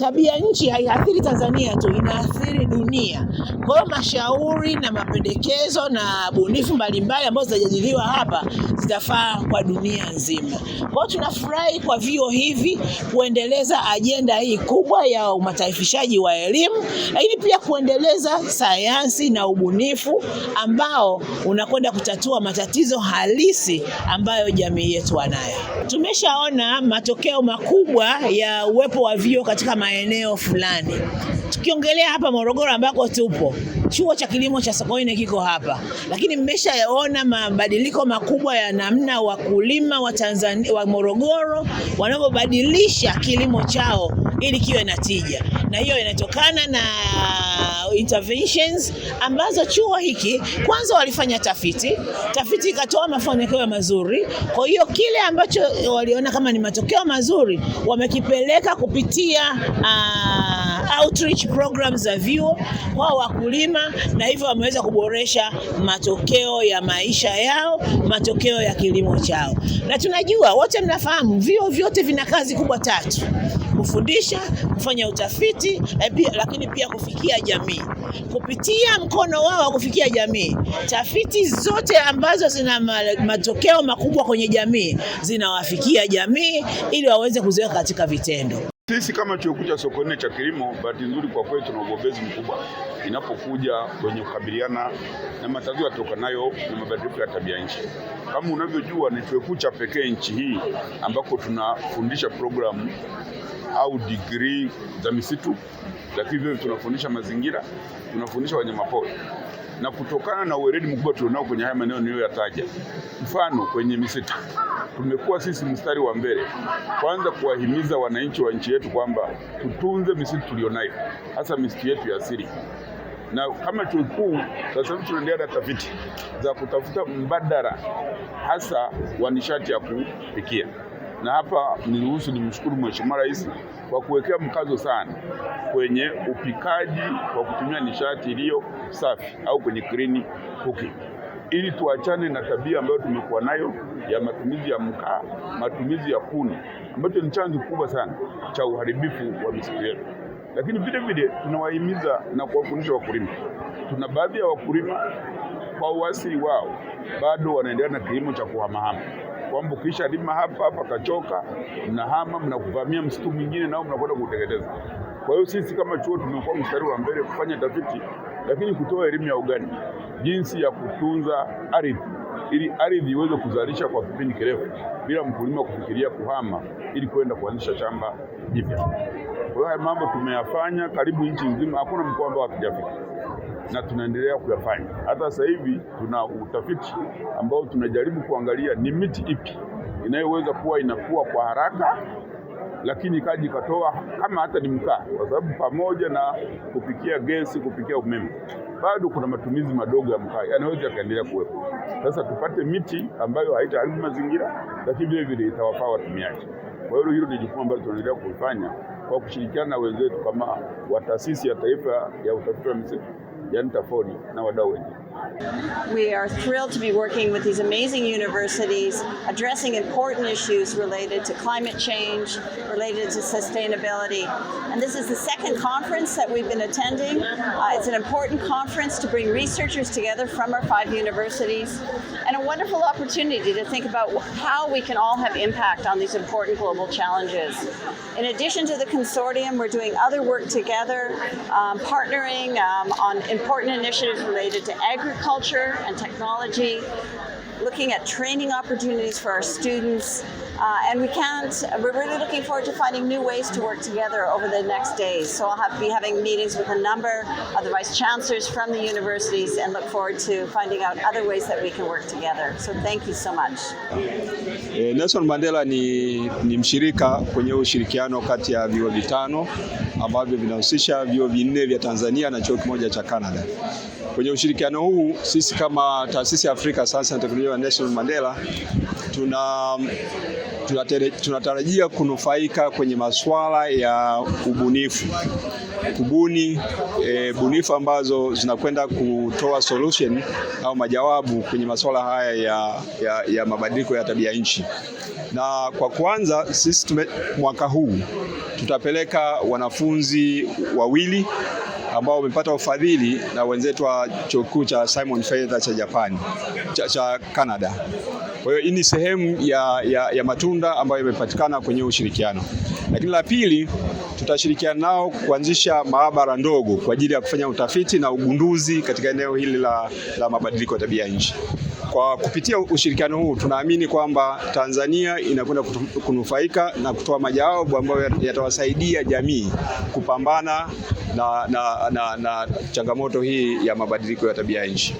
tabia nchi haiathiri Tanzania tu, inaathiri dunia. Kwa hiyo mashauri na mapendekezo na bunifu mbalimbali ambazo zitajadiliwa hapa zitafaa kwa dunia nzima. Kwa hiyo tunafurahi kwa vio hivi kuendeleza ajenda hii kubwa ya umataifishaji wa elimu, lakini pia kuendeleza sayansi na ubunifu ambao unakwenda kutatua matatizo halisi ambayo jamii yetu wanayo. Tumeshaona matokeo makubwa ya uwepo wa vio katika maeneo fulani. Tukiongelea hapa Morogoro ambako tupo, chuo cha kilimo cha Sokoine kiko hapa, lakini mmeshaona mabadiliko makubwa ya namna wakulima wa Tanzania wa Morogoro wanavyobadilisha kilimo chao ili kiwe na tija, na hiyo inatokana na interventions ambazo chuo hiki kwanza walifanya tafiti, tafiti ikatoa mafanikio mazuri. Kwa hiyo kile ambacho waliona kama ni matokeo mazuri wamekipeleka kupitia uh, outreach programs za vyuo kwa wakulima, na hivyo wameweza kuboresha matokeo ya maisha yao, matokeo ya kilimo chao. Na tunajua wote mnafahamu vyuo vyote vina kazi kubwa tatu kufundisha, kufanya utafiti e, pia, lakini pia kufikia jamii kupitia mkono wao wa kufikia jamii. Tafiti zote ambazo zina matokeo makubwa kwenye jamii zinawafikia jamii ili waweze kuziweka katika vitendo. Sisi kama Chuo Kikuu cha Sokoine cha Kilimo, bahati nzuri kwa kweli tuna ugobezi mkubwa inapokuja kwenye kukabiliana na matatizo yatokanayo na mabadiliko ya tabia nchi. Kama unavyojua, ni chuo kikuu cha pekee nchi hii ambako tunafundisha programu au degree za misitu, lakini vile tunafundisha mazingira, tunafundisha wanyamapori na kutokana na uweledi mkubwa tulionao kwenye haya maeneo niliyoyataja, mfano kwenye misitu tumekuwa sisi mstari wa mbele, kwanza kuwahimiza wananchi wa nchi yetu kwamba tutunze misitu tulionayo, hasa misitu yetu ya asili na kama tukuu sasa hivi tunaendelea na tafiti za kutafuta mbadala hasa wa nishati ya kupikia, na hapa niruhusu nimshukuru Mheshimiwa Rais kwa kuwekea mkazo sana kwenye upikaji kwa kutumia nishati iliyo safi au kwenye green cooking ili tuachane na tabia ambayo tumekuwa nayo ya matumizi ya mkaa, matumizi ya kuni ambacho ni chanzo kubwa sana cha uharibifu wa misitu yetu. Lakini vile vile tunawahimiza na kuwafundisha wakulima. Tuna baadhi ya wakulima kwa uasili wao bado wanaendelea na kilimo cha kuhamahama kwamba ukisha lima hapa hapa kachoka, mnahama mnakuvamia msitu mwingine nao mnakwenda kuutekeleza kwa hiyo sisi kama chuo tumekuwa mstari wa mbele kufanya tafiti, lakini kutoa elimu ya ugani, jinsi ya kutunza ardhi ili ardhi iweze kuzalisha kwa kipindi kirefu bila mkulima kufikiria kuhama ili kwenda kuanzisha shamba jipya. Kwa hiyo mambo tumeyafanya karibu nchi nzima, hakuna mkoa ambao hatujafika na tunaendelea kuyafanya. Hata sasa hivi tuna utafiti ambao tunajaribu kuangalia ni miti ipi inayoweza kuwa inakuwa kwa haraka lakini ikaji ikatoa kama hata ni mkaa, kwa sababu pamoja na kupikia gesi, kupikia umeme, bado kuna matumizi madogo ya mkaa yanaweza yakaendelea kuwepo. Sasa tupate miti ambayo haitaharibu mazingira, lakini vile vile itawafaa watumiaji. Kwa hiyo hilo ni jukumu ambalo tunaendelea kuifanya kwa kushirikiana na wenzetu kama wa Taasisi ya Taifa ya Utafiti wa Misitu. na wadau wengine. We are thrilled to be working with these amazing universities addressing important issues related to climate change, related to sustainability. And this is the second conference that we've been attending. Uh, it's an important conference to bring researchers together from our five universities and a wonderful opportunity to think about how we can all have impact on these important global challenges. In addition to the consortium, we're doing other work together, um, partnering um, on important initiatives related to agriculture and technology, looking at training opportunities for our students, uh, and we can't. We're really looking forward to finding new ways to work together over the next days. So I'll have, be having meetings with a number of the vice chancellors from the universities, and look forward to finding out other ways that we can work together. So thank you so much. E, Nelson Mandela ni, ni mshirika kwenye ushirikiano kati ya vyuo vitano ambavyo vinahusisha vyuo vinne vya Tanzania na chuo kimoja cha Canada. Kwenye ushirikiano huu sisi kama taasisi ya Afrika Sayansi na Teknolojia ya Nelson Mandela tuna tunatarajia kunufaika kwenye masuala ya ubunifu kubuni e, bunifu ambazo zinakwenda kutoa solution au majawabu kwenye masuala haya ya, ya, ya mabadiliko ya tabia nchi. Na kwa kwanza sisi tume, mwaka huu tutapeleka wanafunzi wawili ambao wamepata ufadhili na wenzetu wa chuo kikuu cha Simon Fraser cha Japani cha, cha Canada. Kwa hiyo hii ni sehemu ya, ya, ya matunda ambayo yamepatikana kwenye ushirikiano. Lakini la pili, tutashirikiana nao kuanzisha maabara ndogo kwa ajili ya kufanya utafiti na ugunduzi katika eneo hili la, la mabadiliko ya tabia ya nchi. Kwa kupitia ushirikiano huu tunaamini kwamba Tanzania inakwenda kunufaika na kutoa majawabu ambayo yatawasaidia jamii kupambana na, na, na, na changamoto hii ya mabadiliko ya tabia ya nchi.